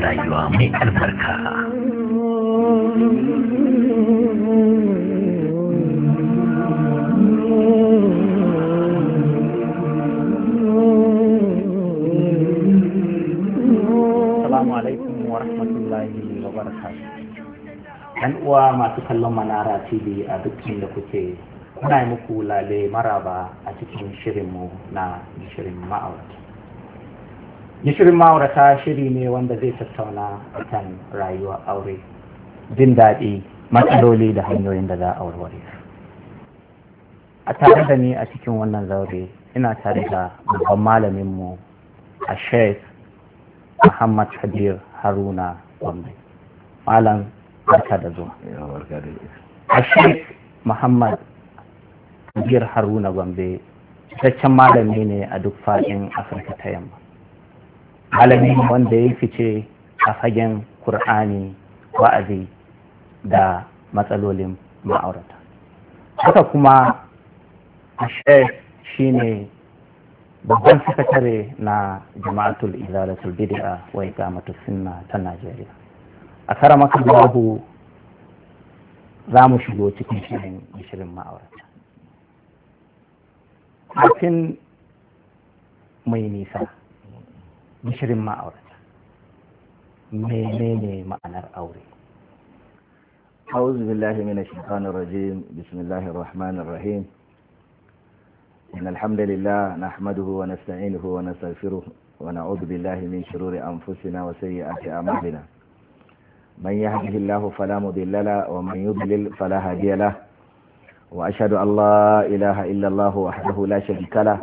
rayuwa mai albarka Salamu alaikum wa rahmatullahi wa barakatuh. ‘Yan uwa masu kallon manara TV a duk da kuke, kuna yi muku lale maraba a cikin shirinmu na shirin ma'aurata. gishirin ma'aurata shiri ne wanda zai tattauna kan rayuwa aure jin daɗi matsaloli da hanyoyin da za a warware a tare da ni a cikin wannan zaure ina tare da babban malaminmu a sheikh muhammad hadir haruna gombe malam barka da zuwa a sheikh muhammad hadir haruna gombe cikakken malami ne a duk faɗin afirka ta yamma halami wanda ya fice a fagen Kur'ani wa'azi da matsalolin ma'aurata haka kuma a shine babban sakatare na jama'atul izalatul bid'a wa iqamatus sunna ta Najeriya a karamaka Allahu za mu shigo cikin shirin shirin ma'aurata kafin mai nisa gishirin ma'aurata menene ma'anar aure billahi min shaitanin rajim bismillahir rahmanir rahim in alhamdulillah na hamadu wa nasta'inuhu wa nastaghfiruh wa na'udhu billahi min shururi anfusina wa sayyiati a'malina من يهده الله فلا مضل له ومن يضلل فلا هادي له واشهد ان لا اله الا الله وحده لا شريك له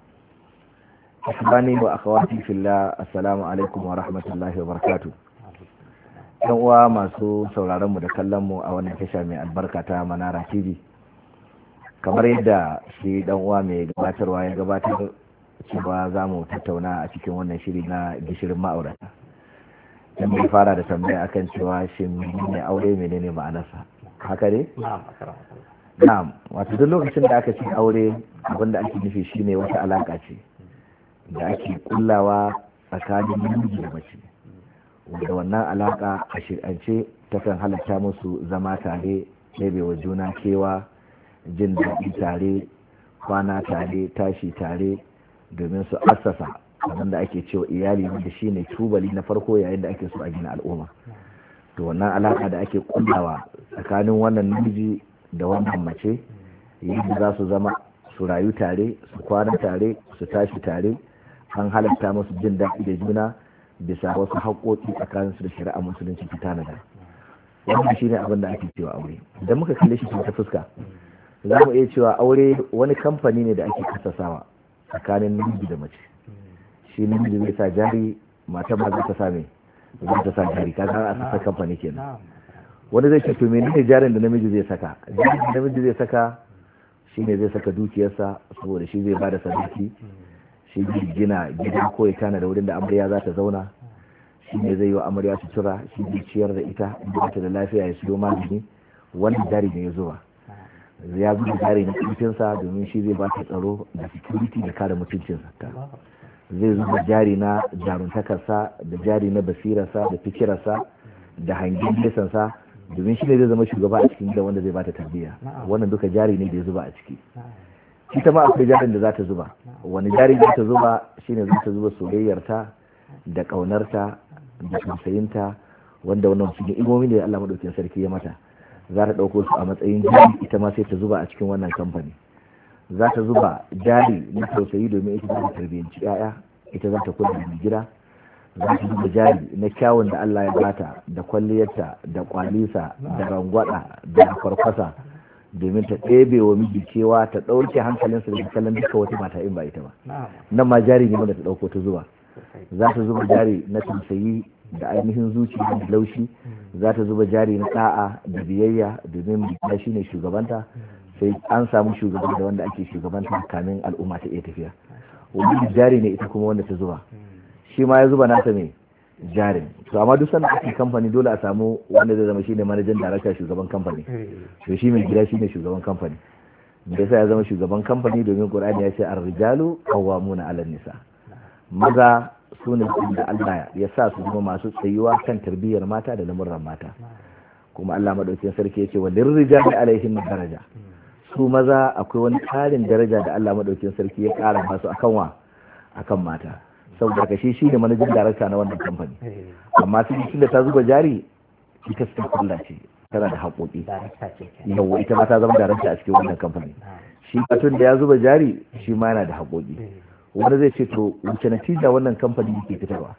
asibani wa akawati filla assalamu alaikum wa rahmatullahi wa barakatu yan uwa masu sauraronmu da kallon mu a wannan tasha mai albarka ta manara tv kamar yadda shi dan uwa mai gabatarwa ya gabatar cewa za mu tattauna a cikin wannan shiri na gishirin ma'aurata dan mai fara da tambaya akan cewa shin ne aure menene ma'anarsa haka ne na'am wato duk lokacin da aka ce aure abinda ake nufi shine wata alaka ce da ake kullawa tsakanin namiji da mace wanda wannan alaka a shir'ance takan halatta musu zama tare wa juna kewa jin daɗi tare kwana tare tashi tare domin su assasa abin da ake cewa iyali wanda ne tubali na farko yayin da ake so a gina al'umma to wannan alaka da ake kullawa tsakanin wannan namiji da wannan mace yadda za su zama su rayu tare su kwana tare su tashi tare an halatta musu jin daɗi da juna bisa wasu haƙoƙi su da shari'a musulunci ta tanada wannan shine abin da ake cewa aure idan muka kalle shi ta fuska za mu iya cewa aure wani kamfani ne da ake kasasawa tsakanin namiji da mace shi namiji zai sa jari mata ma zai ta sa me zai ta sa jari kaga a asasa kamfani kenan wani zai ce to menene jarin da namiji zai saka jarin da namiji zai saka shine zai saka dukiyarsa saboda shi zai bada sadaki shi zai gina gida ko tana da wurin da amarya za ta zauna shi ne zai yi wa amarya cura shi ne ciyar da ita ba ta da lafiya ya siyo magani wannan jari ne ya zuba ya zuba jari na ƙarfinsa domin shi zai ba ta tsaro da security da kare mutuncinsa zai zuba jari na jaruntakarsa da jari na basirarsa da fikirarsa da hangen nesansa domin shi ne zai zama shugaba a cikin gida wanda zai ba ta tarbiyya wannan duka jari ne da ya zuba a ciki ita ma akwai jarin da za ta zuba wani jari da ta zuba shine za ta zuba soyayyarta da ƙaunarta da tausayinta wanda wannan su ne imomi ne da Allah madaukakin sarki ya mata za ta ɗauko su a matsayin jari ita ma sai ta zuba a cikin wannan kamfani za ta zuba jari na tausayi domin ita za ta tarbiyyanci 'ya'ya ita za ta kula da gida za ta zuba jari na kyawun da Allah ya bata da kwalliyarta da kwalisa da rangwada da kwarkwasa domin ta ɗebe wa miji cewa ta ɗauke hankalinsa da kallon duka wata mata in ba ita ba nan ma jari ne wanda ta ɗauko ta zuba za ta zuba jari na tamsayi da ainihin zuci da laushi hmm. za ta zuba jari na ɗa'a da biyayya domin ba shi ne shugabanta hmm. sai an samu shugaban da wanda ake shugabanta kamin al'umma ta iya tafiya wani jari ne ita kuma wanda ta zuba hmm. shi ma ya zuba nasa ne jarin to amma duk sanin ake kamfani dole a samu wanda zai zama shine manajan darakta shugaban kamfani eh. to shi mai gida shine shugaban kamfani da yasa ya zama shugaban kamfani domin qur'ani ya ce ar-rijalu qawwamuna 'ala nisa maza su ne da Allah ya sa su zama masu tsayuwa kan tarbiyyar mata da lamuran mata kuma Allah madaukakin sarki yake wa lirrijali alaihim daraja su maza akwai wani karin daraja da Allah madaukakin sarki ya kara masu akan wa akan mata saboda ka shi shi da manajin darakta na wannan kamfani amma sai da ta zuba jari ita su kulla ce tana da haƙoƙi yawo ita ma ta zama darakta a cikin wannan kamfani shi katon da ya zuba jari shi ma yana da haƙoƙi eh. wanda zai ce to wace natija wannan kamfani yake fitarwa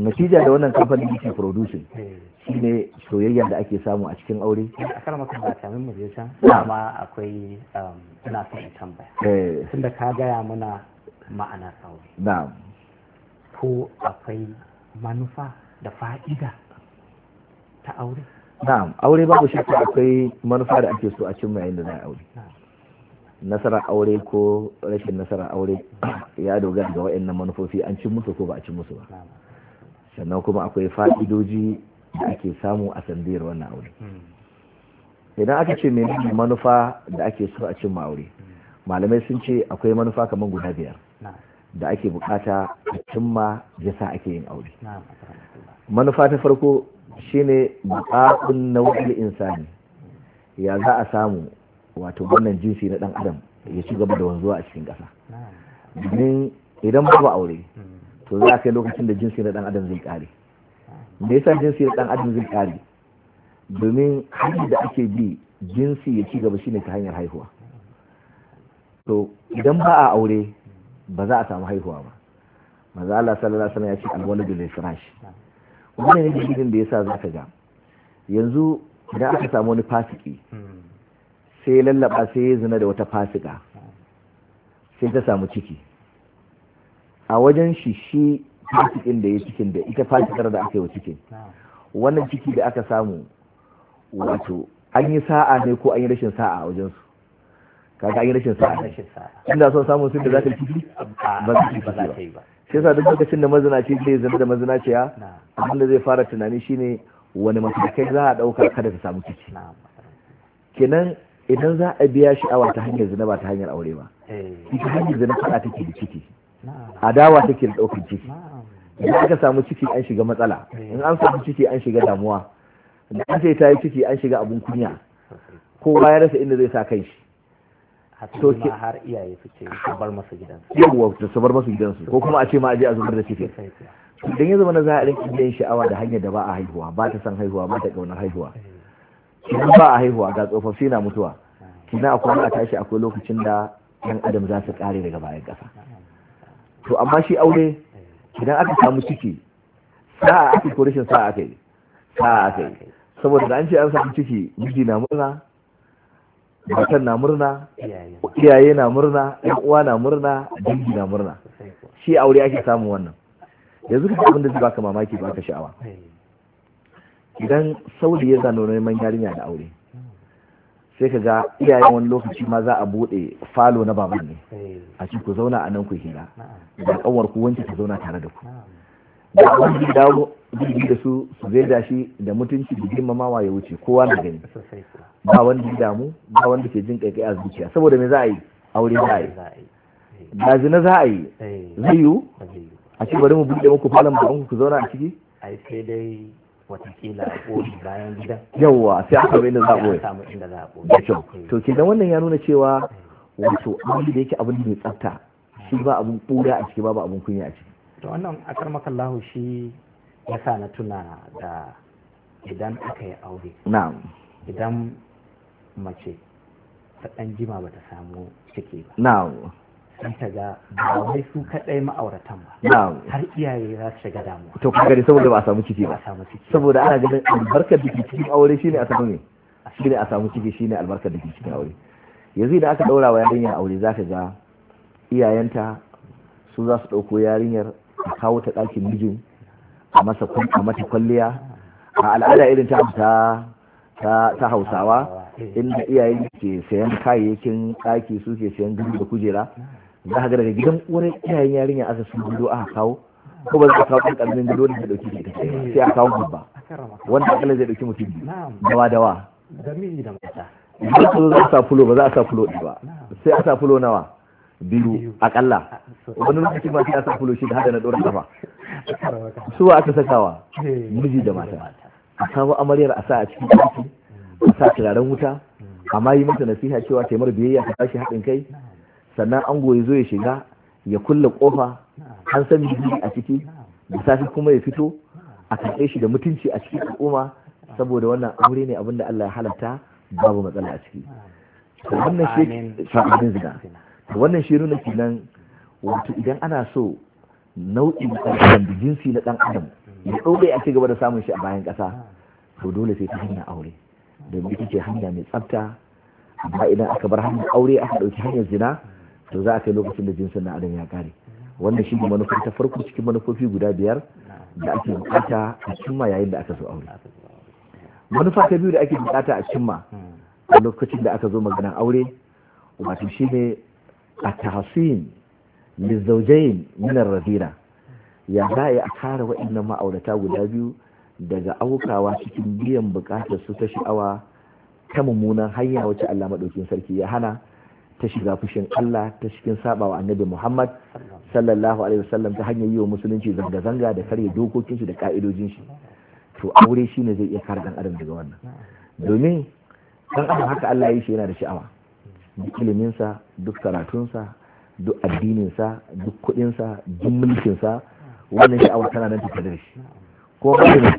natija da wannan kamfani yake producing eh. shi ne soyayya da ake samu a cikin aure eh, a kan maka ba kamin mu je amma akwai um, ina son tambaya tunda ka gaya mana ma'anar aure na'am ko akwai manufa da fa'ida ta aure na'am aure babu shakka akwai manufa da ake so a cimma yayin da za a aure nasarar aure ko rashin nasarar aure ya dogara ga wa'annan manufofi an cin musu ko ba a cin musu ba sannan kuma akwai fa'idoji da ake samu a sandiyar wannan aure hmm. idan aka ce mai manufa da ake so a cimma aure hmm. malamai sun ce akwai manufa kamar guda biyar da ake bukata a cimma ya sa ake yin aure manufa ta farko shine buƙatun nau'in insani ya za a samu wato wannan jinsi na dan adam ya ci gaba da wanzuwa a cikin ƙasa domin idan babu aure hmm. to za a kai lokacin da jinsi na dan adam zai kare me yasa jinsi na dan adam zai kare domin hanyar da ake bi jinsi ya ci gaba shine ta hanyar haihuwa to idan ba a aure ba za a samu haihuwa ba maza Allah sallallahu alaihi wasallam ya ce alwaladu lil firash wannan ne dalilin da yasa zaka ga yanzu idan aka samu wani fasiki sai ya lallaba sai ya zina da wata fasika sai ta samu ciki a wajen shi shi fasikin da ya cikin da ita fasikar da aka yi wa cikin wannan ciki da aka samu wato an yi sa'a ne ko an yi rashin sa'a a wajensu kaga an rashin sa'a Ina son samun sun da za ta ciki ba za ta yi ba shi yasa duk lokacin da ce zai zama da mazinaciya abin da zai fara tunani shine wani matakai za a ɗauka kada ta samu ciki kenan idan za a biya sha'awa ta hanyar zina ba ta hanyar aure ba eh. ita hanyar zina fada take da ciki adawa take da ɗaukar ciki idan aka samu ciki an shiga matsala eh. in an samu ciki an shiga damuwa da an sai ta yi ciki an shiga abun kunya kowa ya rasa inda zai sa kan shi ma har iyaye suke bar masu gidansu yawa su bar masu gidansu ko kuma a ce ma aje a zubar da ciki idan ya zama na za a rinka yin sha'awa da hanyar da ba a haihuwa ba ta san haihuwa ba ta kaunar haihuwa eh. kina ba a haihuwa ga tsofaffi na mutuwa kina akwai a tashi akwai lokacin da yan adam za su kare daga bayan kasa to amma shi aure idan aka samu ciki sa'a ake ko rashin sa'a aka yi sa'a aka yi saboda da an ce an samu ciki miji na murna matan na murna iyaye na murna yan uwa na murna dangi na murna shi aure ake samun wannan yanzu ka abin da zai baka mamaki baka sha'awa eh. idan saudi ya zano neman yarinya da aure sai ka ga iyayen wani lokaci ma za a bude falo na baban ne eh. a ci ku zauna a nan ku hira da kanwar ku wanke ta zauna tare da ku da wani zai dawo jirgi da su su zai shi da mutunci da girmamawa ya wuce kowa na gani ba wanda ya damu ba wanda ke jin kai a zuciya saboda me za a yi aure za a yi eh. da zina za a yi eh. zai yiwu a ce bari mu buɗe muku falon ba ku zauna a ciki ai sai dai watakila a ƙori bayan gidan yawwa sai aka bai da zaɓo da kyau eh. to da wannan ya nuna cewa wato abin da yake abin da mai tsafta shi ba abin ɓura a ciki ba ba abin kunya a ciki to wannan a karmakallahu shi ya sa na tuna da idan aka yi aure idan mace ta ɗan jima ba ta samu ciki ba sai ta ga ba wai su kaɗai ma'auratan ba har iyaye za su shiga damuwa to kuma gari saboda ba a samu ciki ba saboda ana ganin albarkar da cikin aure shine a samu ne shine a samu ciki shine albarkar albarka ke cikin aure yanzu idan aka ɗaura wa yarinya aure za ka ga iyayenta su za su ɗauko yarinyar a kawo ta ɗakin mijin a masa a mata kwalliya a al'ada irin ta ta ta hausawa inda iyayen ke sayan kayayyakin ɗaki su ke sayan gudu da kujera za ka ga daga gidan wani iyayen yarinya aka sun gudu aka kawo ko ba za a kawo ƙarfin gudu da ɗauki ita sai a kawo babba wanda akalla zai ɗauki mutum dawa dawa da miji da mata idan ka zo za a sa fulo ba za a sa fulo ɗi ba sai a sa fulo nawa biyu akalla wani lokaci ma sai a sa shi da hada na dora kafa su ba aka sakawa eh. miji da mata a samu amaryar a sa a cikin ɗaki a sa turaren wuta amma yi mata nasiha cewa taimar biyayya ta tashi haɗin kai sannan an goyi zo ya shiga ya kulle kofa an san miji a ciki da safe kuma ya fito a karɓe shi da mutunci a cikin al'umma saboda wannan aure ne abinda Allah ya halatta babu matsala a ciki wannan shi sa'adin zina wannan shi nuna kenan wato idan ana so nau'in ɗan da jinsi na ɗan adam ya ɗaube a ci gaba da samun shi a bayan ƙasa to dole sai ta hanyar aure domin ita ce hanya mai tsafta amma idan aka bar hanyar aure aka ɗauki hanyar zina to za a kai lokacin da jinsin na adam ya ƙare wannan shi ne manufar ta farko cikin manufofi guda biyar da ake buƙata a cimma yayin da aka zo aure manufa ta biyu da ake buƙata a cimma a lokacin da aka zo maganar aure wato shi ne a tahsin lizaujain min razira ya za a kare waɗannan ma'aurata guda biyu daga aukawa cikin biyan bukatar su ta sha'awa ta mummunan hanya wacce Allah maɗaukin sarki ya hana ta shiga fushin Allah ta cikin sabawa annabi Muhammad sallallahu alaihi wasallam ta hanyar yi wa musulunci zanga-zanga da karya dokokin shi da ka'idojin shi to aure shi ne zai iya kare dan adam daga wannan domin dan adam haka Allah ya yi shi yana da sha'awa duk iliminsa duk karatunsa duk addininsa duk kudinsa duk mulkinsa wannan awa tana nan tattare da shi ko ba ta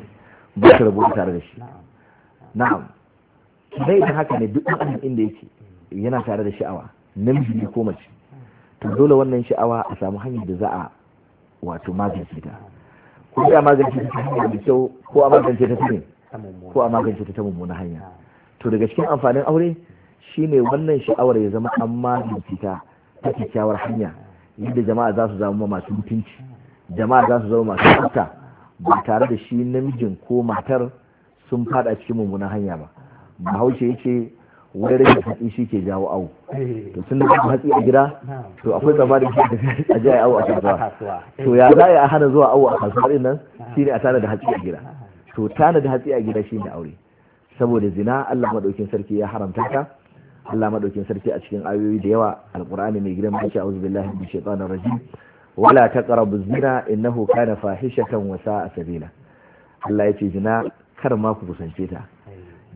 ba ta rabu tare da shi na'am dai idan haka ne duk ɗan inda yake yana tare da sha'awa namiji ne ko mace to dole wannan sha'awa a samu hanyar da za a wato magance ta ko a magance ta hanya da kyau ko a magance ta ta ko a magance ta ta mummuna hanya to daga cikin amfanin aure shine wannan sha'awar ya zama amma fita ta kyakkyawar hanya yadda jama'a za su zama masu mutunci jama'a za su zama masu tsafta ba tare da shi namijin ko matar sun fada cikin mummunan hanya ba bahaushe ya ce wani rage hatsi shi ke jawo awo eh. to sun da hatsi a gida to akwai tsammanin shi da a jiya awo a kasuwa to ya za a hana zuwa awo a kasuwa ɗin nan ne a tana da hatsi a gida to tana da hatsi a gida shi ne aure saboda zina Allah maɗaukin sarki ya haramta ta Allah madaukin sarki a cikin ayoyi da yawa alqur'ani mai girma yake auzu billahi minash shaitanir rajim wala taqrabu zina innahu kana fahishatan wa sa'a sabila Allah yace zina kar ma ku kusance ta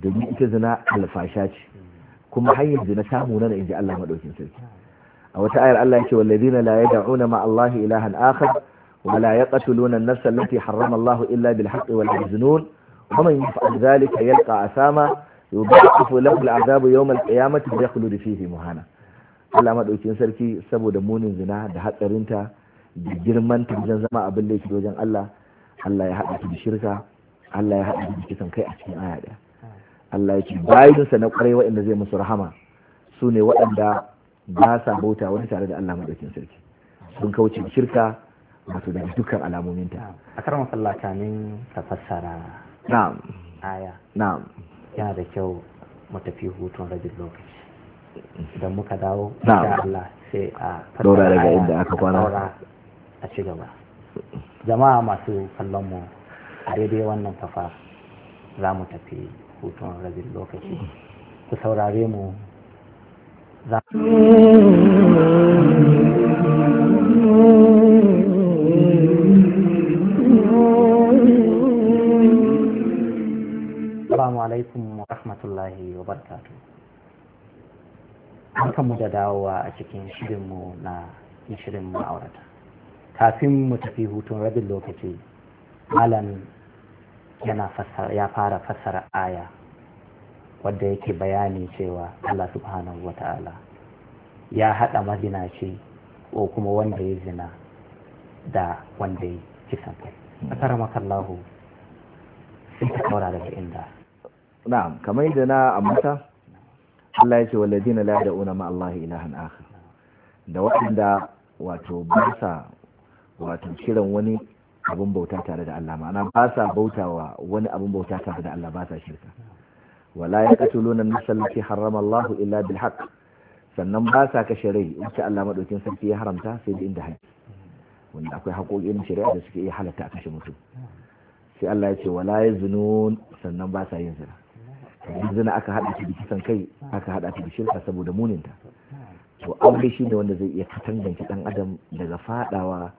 domin ita zina alfasha ce kuma hanyar zina ta munana da inji Allah madaukin sarki a wata ayar Allah yace wallazina la yad'una ma Allah ilahan akhar ولا يقتلون النفس التي حرم الله إلا بالحق ولا يزنون ومن يفعل ذلك يلقى أثاما yudhafu lahu al'azabu yawm al-qiyamati bi yakhlud fihi muhana Allah madaukin sarki saboda munin zina da hatsarinta da girman ta wajen zama abin laifi wajen Allah Allah ya haɗa ki shirka Allah ya haɗa ki kisan kai a cikin aya ɗaya Allah ya ce bayinsa na ƙwarai waɗanda zai musu rahama su ne waɗanda ba sa bauta wani tare da Allah madaukin sarki sun kauce shirka wato da dukkan alamominta a karan masallakanin ka fassara na'am na'am yana da kyau mu tafi hutun rabin lokaci idan muka dawo da Allah sai a daura daga inda aka kwana a ci gaba jama'a masu kallon mu a daidai wannan kafa za mu tafi hutun rabin lokaci ku saurare mu za Assalamu alaikum wa rahmatullahi wa barkatu. kamu da dawowa a cikin shirinmu na shirin ma'aurata. Kafin mu tafi hutun rabin lokaci, Malam yana ya fara fassara aya wadda yake bayani cewa Allah subhanahu wa ta'ala ya haɗa mazinaci ko kuma wanda ya zina da wanda ya kisan kai. Asaramakallahu sai ta daura daga inda na'am kamar yadda na ambata Allah ya ce walladina la yad'una ma Allah ilahan akhar da waɗanda wato ba sa wato kiran wani abin bauta tare da Allah ma'ana ba sa bautawa wani abin bauta tare da Allah ba sa shirka wala yaqtuluna an-nafs allati harrama Allah illa bil haqq sannan ba sa kashe rai wacce Allah madaukin sarki ya haramta sai da inda haƙƙi wanda akwai haƙoƙin shari'a da suke iya halatta a kashe mutum sai Allah ya ce wala yazunun sannan ba sa yin zina zina aka haɗa ta da kisan kai aka haɗa ta da shirka saboda muninta to aure shi ne wanda zai iya katanganci ɗan adam daga faɗawa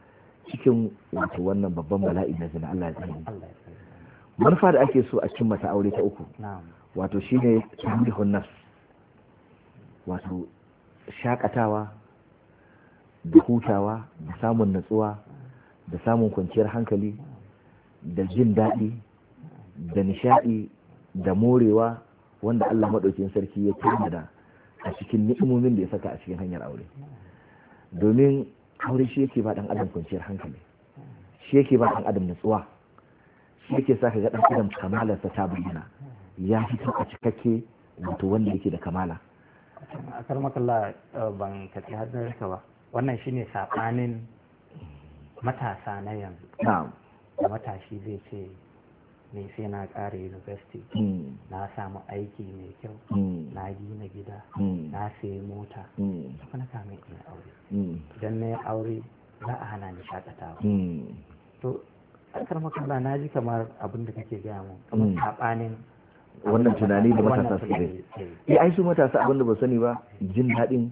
cikin wato wannan babban bala'i na zina Allah ya tsare manufa da ake so a cimma ta aure ta uku wato shine tamihun nafs wato shakatawa da hutawa da samun natsuwa da samun kwanciyar hankali da jin daɗi da nishaɗi da morewa wanda Allah maɗaukin sarki ya da a cikin ni'imomin da ya saka a cikin hanyar aure domin aure shi yake ba dan adam kwanciyar hankali shi yake ba dan adam nutsuwa shi yake sa ka ga dan adam kamalarsa ta bayyana ya fito a cikakke wato wanda yake da kamala a karmakalla eh, ban tafi ka ba wannan shine sabanin matasa na yanzu da matashi zai ce ne sai na ƙara university hmm. na samu aiki mai kyau hmm. na gina gida hmm. na sayi mota kuma na kame in aure idan na yi aure za a hana ni shakatawa to akar makalla na ji kamar abin da kake gaya mu kamar saɓanin wannan tunani da matasa su dai eh ai su matasa abin da ba sani ba jin daɗin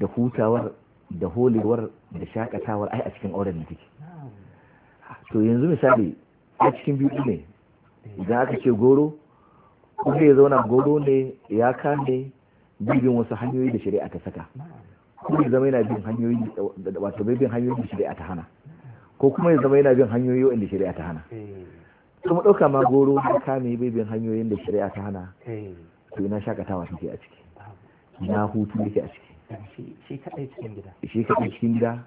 da hutawar da holewar da shakatawar ai a cikin auren da take to yanzu misali a cikin biyu ne idan aka ce goro kuma ya zauna goro ne ya kame bibin wasu hanyoyi da shari'a ta saka kuma ya zama yana bin hanyoyi wato bai bin hanyoyi da shari'a ta hana ko kuma ya zama yana bin hanyoyi wanda shari'a ta hana kuma ɗauka ma goro ya kame bai bin hanyoyin da shari'a ta hana to ina shakatawa take a ciki ina hutu yake a ciki shi kadai cikin gida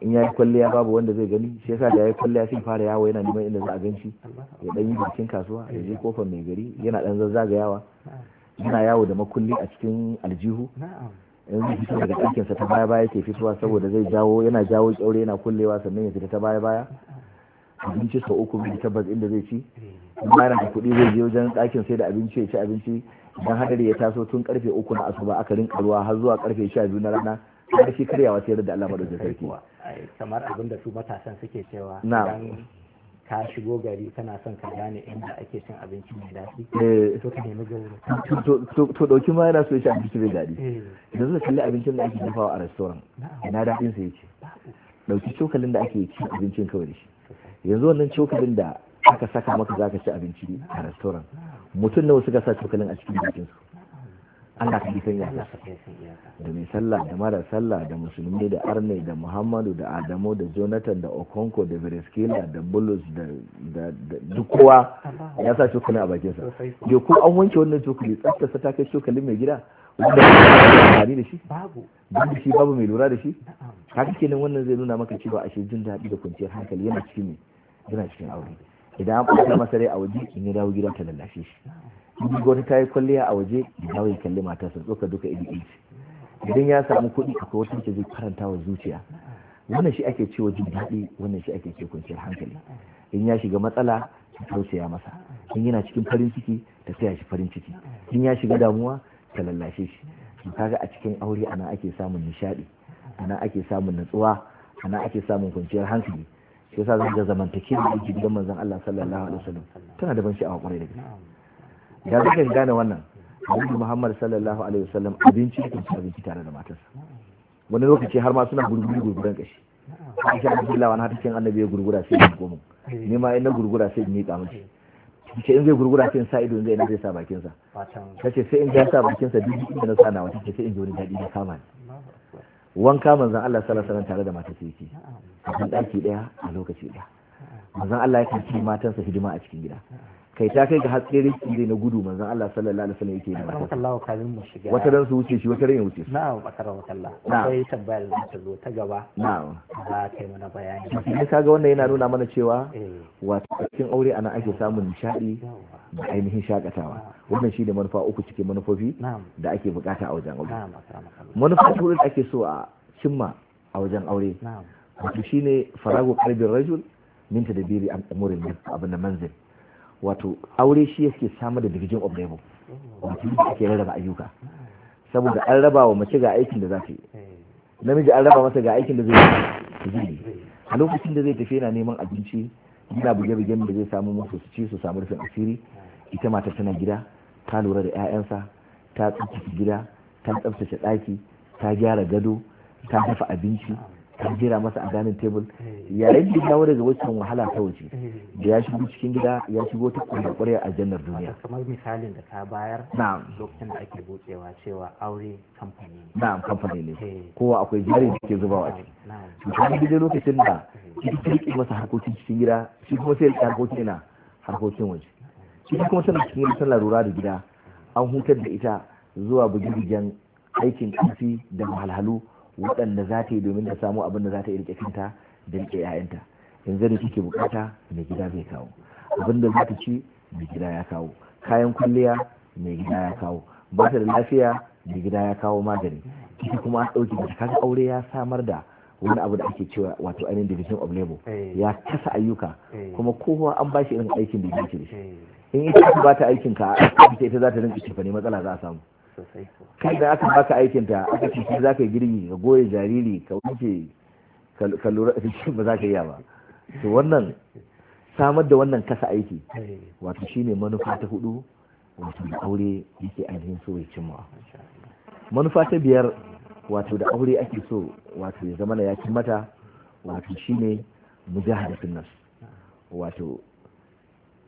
in ya yi kwalliya babu wanda zai gani shi yasa da ya yi kwalliya fara yawo yana neman inda za a ganci ya dan yi bikin kasuwa ya je kofar mai gari yana dan zazzagayawa yana yawo da makulli a cikin aljihu in zai fito daga sa ta baya baya ke fitowa saboda zai jawo yana jawo kyaure yana kullewa sannan ya fita ta baya baya abinci sau uku bai tabbas inda zai ci bayan da kuɗi zai je wajen ɗakin sai da abinci ya ci abinci idan hadari ya taso tun karfe uku na asuba aka rinka ruwa har zuwa karfe sha biyu na rana har shi karyawa ce da Allah madaukakin sarki kamar abin da su matasan suke cewa idan ka shigo gari kana son ka gane inda ake cin abinci mai daɗi eh. to ka nemi gauri to dauki ma yana so ya ci abinci mai daɗi eh. idan suka kalli abincin da ake dafawa a restaurant ina daɗin sa yake dauki cokalin da ake cin abincin kawai da shi yanzu wannan cokalin da aka saka maka zaka ci abinci a restaurant mutum nawa suka sa cokalin a cikin bakin su Allah ka san iyaka da mai sallah da mara sallah da musulmi da arne da muhammadu da adamu da jonathan da okonko da vereskila da bulus da duk ya sa cokali a bakinsa yau ko an wanke wannan cokali tsaftace ta kai cokali mai gida wanda amfani da shi babu babu shi babu mai lura da shi haka kenan wannan zai nuna maka cewa ashe jin daɗi da kwanciyar hankali yana cikin aure idan an kwanta masa rai a waje in ya dawo gida ta lallashe shi in gwani ta yi kwalliya a waje ya dawo ya kalli matarsa tsoka duka iri iri idan ya samu kuɗi akwai wata ce zai karanta wa zuciya wannan shi ake cewa jin daɗi wannan shi ake ce kwanciyar hankali in ya shiga matsala ta ya masa in yana cikin farin ciki ta saya shi farin ciki in ya shiga damuwa ta lallashe shi kaga a cikin aure ana ake samun nishaɗi ana ake samun natsuwa ana ake samun kwanciyar hankali shi yasa zan ga zamantake da yake gidan manzon Allah sallallahu alaihi wasallam tana da ban sha'awa kwarai da gaske da zaka gane wannan Annabi Muhammad sallallahu alaihi wasallam abinci ne kuma abinci tare da matarsa wani lokaci har ma suna gurguru gurguran kashi Aisha Abdullahi wani hatakin Annabi ya gurgura sai ya goma ni ma in gurgura sai ni ka miki ce in zai gurgura sai in sa ido in zai na zai sa bakinsa ta ce sai in ga sa bakinsa duk inda na sa na wata ce in ji wani daɗi da kama ni wanka manzon Allah sallallahu alaihi wasallam tare da matar sa yake a kan daki daya a lokaci daya manzon Allah yake ci matansa hidima a cikin gida kai ta kai ga haske riki zai na gudu manzon Allah sallallahu alaihi wasallam yake yi mata Allah kafin mu shiga wata dan su wuce shi wata ran ya wuce na'am bakara Allah akwai tabbayar da ta zo ta gaba na'am za ka yi mana bayani sai kaga wannan yana nuna mana cewa eh. wato cikin aure ana ake samun nishadi da ainihin shakatawa wannan shi da manufa uku cikin manufofi da ake bukata a wajen aure manufa ta da ake so a cimma a wajen aure wato shine farago qalbin rajul min tadbiri amurin abin da manzil wato aure shi yake samar da division of labor wato yadda ake rarraba ayyuka saboda an raba wa mace ga aikin da za ta yi namiji an raba masa ga aikin da zai yi a lokacin da zai tafi yana neman abinci yana buge-bugen da zai samu masu su ci su samu rufin asiri ita mata tana gida ta lura da 'ya'yansa ta tsaftace gida ta tsaftace ɗaki ta gyara gado ta dafa abinci kan jira masa a dining table eh. yayin da wuri daga wancan wahala ta waje eh. da ya shigo cikin gida ya shigo ta kwarya a jannar duniya kamar misalin da ka bayar naam. lokacin da ake bucewa cewa aure kamfani na'am kamfani ne eh. kowa akwai jari da ke zubawa ce na'am to lokacin da kike masa harkokin cikin gida shi kuma sai ya harkokin na harkokin waje shi kuma tana cikin gida tana da gida an hutar da ita zuwa bugigigen aikin kafi da wahalhalu waɗanda za ta yi domin ta samu abin da za ta yi rike kanta da rike 'ya'yanta in zani take bukata mai gida zai kawo abin da za ta ci mai gida ya kawo kayan kulliya mai gida ya kawo ba ta da lafiya mai gida ya kawo magani kiki kuma an ɗauki da kaga aure ya samar da wani abu da ake cewa wato ainihin division of labor eh. ya kasa ayyuka eh. kuma kowa an ba shi irin aikin da ke da shi eh. in ita ba ta aikin ka ita za ta rinka cefa matsala za a samu kai da aka baka aikin ta aka ce za ka girbi ka goye jariri ka wuce ka lura ba za ka iya ba to wannan samar da wannan kasa aiki wato shine manufa ta hudu wato da aure yake ainihin so ya cimma manufa ta biyar wato da aure ake so wato ya zama ya mata wato shine mujahadatun nas wato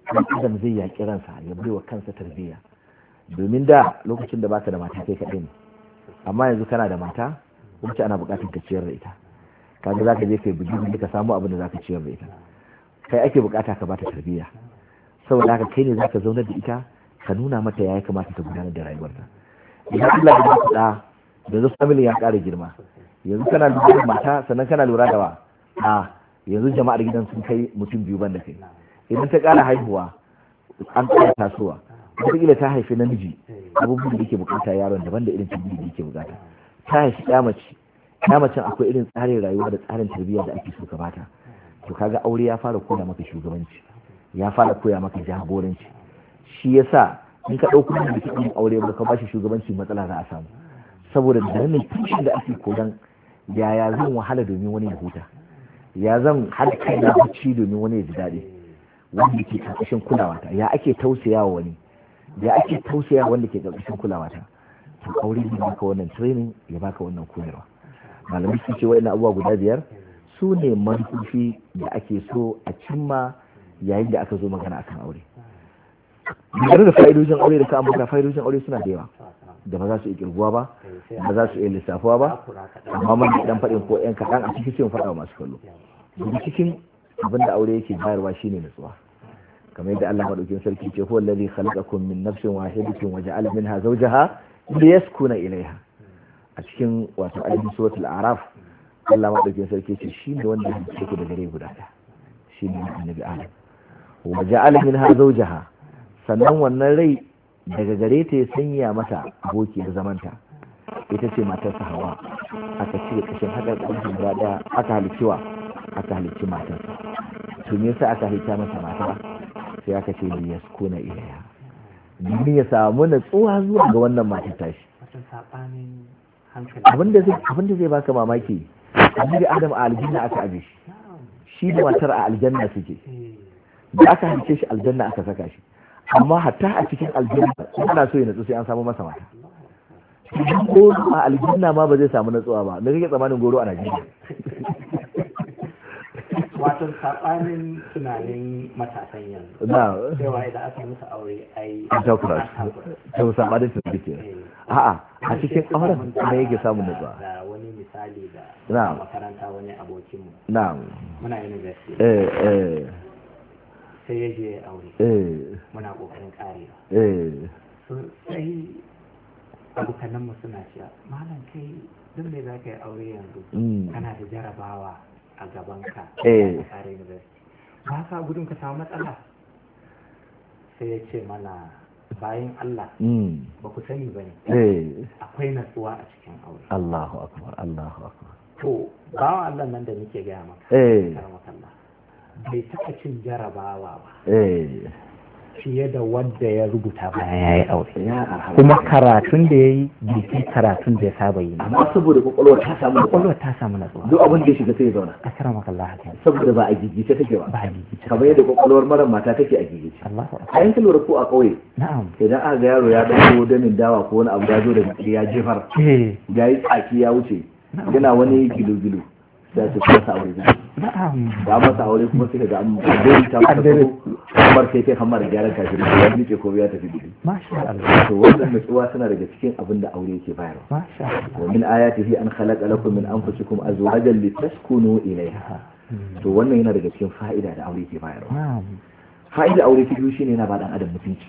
ɗan adam zai yaƙi ransa ya bai wa kansa tarbiyya domin da lokacin da baka da mata kai kaɗai ne amma yanzu kana da mata wacce ana buƙatar ka ciyar da ita kaga zaka je kai bugi ka samu abin da zaka ciyar da ita kai ake buƙata ka bata tarbiyya saboda haka kai ne za ka zaunar da ita ka nuna mata ya kamata ta gudanar da rayuwarta idan Allah ya baka da yanzu family ya ƙara girma yanzu kana lura da mata sannan kana lura da wa a yanzu jama'ar gidan sun kai mutum biyu da kai idan ta ƙara haihuwa an ƙara tasowa wataƙila ta haifi namiji abubuwan da yake bukata yaron daban da irin tarbiyyar da yake bukata ta haifi ƙyamace ƙyamacen akwai irin tsarin rayuwa da tsarin tarbiyya da ake so ka bata to kaga aure ya fara koya maka shugabanci ya fara koya maka jagoranci shi yasa in ka ɗauko da kake irin aure ba ka ba shi shugabanci matsala za a samu saboda da nan tushen da ake koyan yaya zan wahala domin wani ya huta ya zan har kai na domin wani ya ji daɗi wanda ke karkashin kulawa ta ya ake tausayawa wani da ake tausaya wanda ke ƙarƙashin kulawa ta to aure ne baka wannan training ya baka wannan koyarwa malamai su ce wa'annan abubuwa guda biyar su ne manufofi da ake so a cimma yayin da aka zo magana akan aure dangane da fa'idojin aure da ka ambata fa'idojin aure suna da yawa da ba za su iya kirguwa ba ba za su iya lissafuwa ba amma man dan faɗin ko yan kaɗan a cikin sun faɗa masu kallo cikin abin aure yake bayarwa shine nutsuwa kamar yadda Allah madaukin sarki ce huwa allazi khalaqakum min nafsin wahidatin wa ja'ala minha zawjaha liyaskuna ilaiha a cikin wato ainihin suratul araf Allah madaukin sarki ce shi ne wanda ya da gare guda ɗaya shi ne annabi Adam wa ja'ala minha zawjaha sannan wannan rai daga gare ta ya sanya mata abokiyar zamanta ita ce matarsa hawa aka cire kashin haɗar ɗan aka halicciwa aka halicci matarsa to me yasa aka halitta masa mata sai aka ce mai ya skuna ilaiha domin ya samu natsuwa zuwa ga wannan matar tashi abinda zai baka mamaki da adam a aljanna aka aje shi shi da matar a aljanna suke da aka hanke shi aljanna aka saka shi amma hatta a cikin aljanna ana so ya natsu sai an samu masa mata ko goro a aljanna ma ba zai samu natsuwa ba me kake tsamanin goro a Najeriya wato saɓanin tunanin matasan yanzu cewa idan aka musu aure ai a takura to saɓanin eh. a'a a cikin auren kuma yake samun nutsuwa da wani misali da Na. makaranta wani abokinmu Na. muna university eh eh sai ya je aure eh. muna kokarin karewa eh. sai abokananmu suna cewa malam kai duk da za ka yi aure yanzu mm. kana da jarabawa a gaban eh. ka ba ka gudun ka samu matsala sai ya ce mana bayan Allah hmm. ba ku sani ba ne eh. akwai natsuwa a cikin aure Allahu akbar Allahu akbar to bawa Allah nan da nake gaya maka eh. bai taɓa cin jarabawa ba fiye da wanda ya rubuta bayan ya yi aure kuma karatun da ya yi bai karatun da ya saba yi amma saboda kwakwalwar ta samu kwakwalwar ta samu natsuwa duk abin da ya shiga sai ya zauna a kira maka Allah haka saboda ba a gigice take ba ba a gigice kamar yadda kwakwalwar maran mata take a gigice a yankin lura ko a ƙauye. na'am idan aka ga yaro ya ɗauko damin dawa ko wani abu ya zo da ya jefar eh. ya yi tsaki ya wuce yana wani gilo-gilo da su kasa aure na da masa aure kuma suka ga an dai ta masa ko kamar sai kai hamar gyaran kafin da ya nike ko ya tafi bibi to wannan nutsuwa suna daga cikin abin da aure yake bayarwa masha Allah wa min ayatihi an khalaqa lakum min anfusikum azwajan litaskunu ilayha to wannan yana daga cikin fa'ida da aure yake bayarwa fa'ida aure ta biyu shine yana ba dan adam mutunci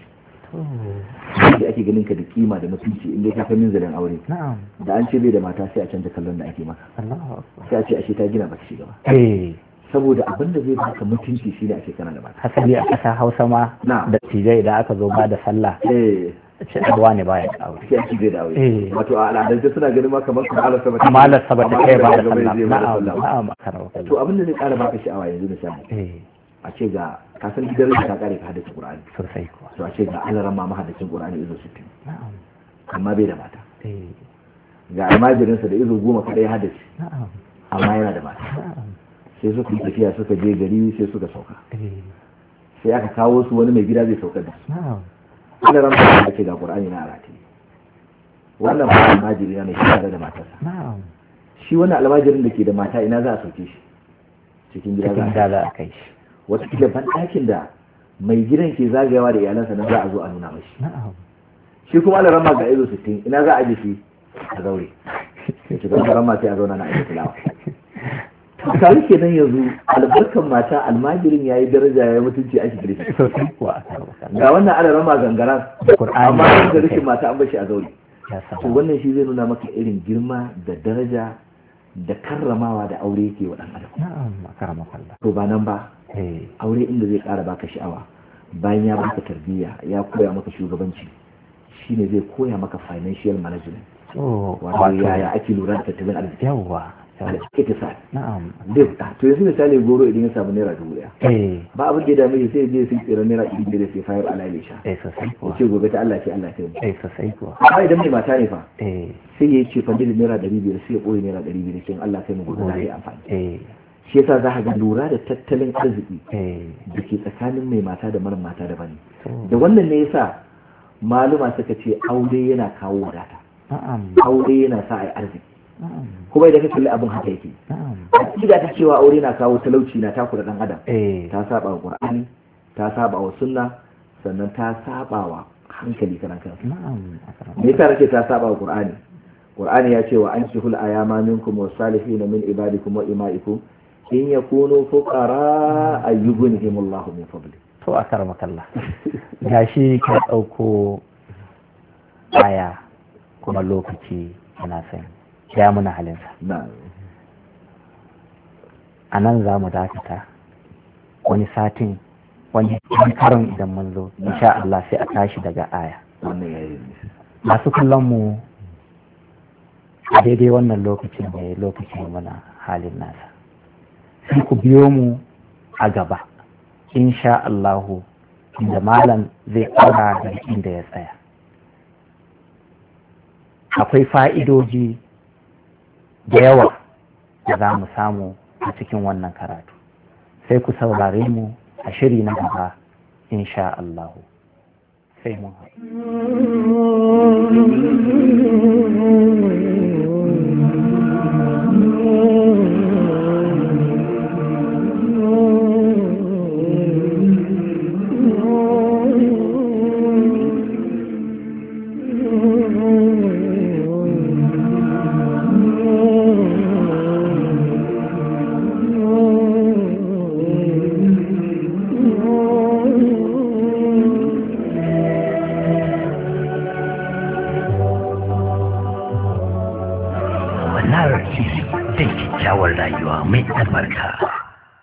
da ake ganin ka da kima da mutunci inda ka san minzalin aure da an ce bai da mata sai a canza kallon da ake maka sai a ce ashe ta gina ba ta shiga ba eh. saboda abin da zai baka mutunci shine ake kana da mata hasali a ƙasa Hausa ma da tijai da aka zo ba da sallah eh. ce ruwa ne baya da aure sai ake da aure eh. wato a al'adance suna ganin ma kamar kuma alar sabata amma sabata kai ba da sallah na'am na'am to abin da zai ƙara baka sha'awa yanzu misali a ce ga kasan gidan ta kare ka haddace qur'ani sosai to a ce ga alaran ma mahaddacin qur'ani izo 60 amma bai da mata eh. ga almajirinsa da izo goma kadai ya haddace amma yana da mata sai suka yi tafiya suka je gari sai suka sauka eh. sai aka kawo su wani mai gida zai saukar da su ana ramta da ake ga qur'ani na arati wannan ba almajiri na mai tare da matarsa shi wani almajirin da ke da mata ina za a sauke shi cikin gida za a kai shi wata kila ban ɗakin da mai gidan ke zagayawa da iyalansa nan za a zo a nuna mashi shi kuma da rama ga ido sittin ina za a ji shi a zaure shi ga rama sai a zauna na aiki fulawa kawai ke nan yanzu albarkan mata almajirin ya yi daraja ya mutunci a shi ga wannan ana rama gangara amma da rikin mata an bashi a zaure to wannan shi zai nuna maka irin girma da daraja da karramawa da aure ke wa ɗan adam na'am to ba nan ba eh. aure inda zai ƙara baka sha'awa bayan ya baka tarbiyya ya koya maka shugabanci shine zai koya maka financial management oh, wato yaya ake lura da tattalin arziki yawa misali itisal na'am to yanzu misali goro idan ya samu naira dubu daya eh. ba abin da ya dame sai je sai tsira naira dubu biyar sai fayar alali sha eh sosai ko ce gobe ta Allah Allah eh sosai ko idan mai mata ne fa eh. sai ya ce fadil naira dari biyar sai ya koyi naira biyar sai Allah sai mu gobe za yi amfani eh shi yasa za ka ga lura da tattalin arziki eh. da ke tsakanin mai mata da mara mata da bane da wannan ne yasa maluma suka ce aure yana kawo wadata aure yana sa ai arziki kuma idan ka kalli abin haka yake cikin ta cewa aure na kawo talauci na takura dan adam eh. ta saba wa qur'ani ta saba wa sunna sannan ta saba wa hankali kana kansa me yasa rake ta saba wa qur'ani qur'ani ya ce wa ankihul ayama minkum wasalihin min ibadikum wa imaikum in yakunu fuqara Allahu min fadli to akarmakallah gashi ka dauko aya kuma lokaci yana sanya ya muna halinsa a nan za mu dakata wani satin wani karin idan mun zo insha Allah sai a tashi daga aya masu kallon mu a daidai wannan lokacin da ya lokacin muna halin nasa sai ku biyo mu a gaba insha Allahu inda malam zai ƙara da inda ya tsaya akwai fa'idoji da yawa da za mu samu a cikin wannan karatu sai ku saurare mu a shiri na gaba insha Allah sai mun haɗu mai America.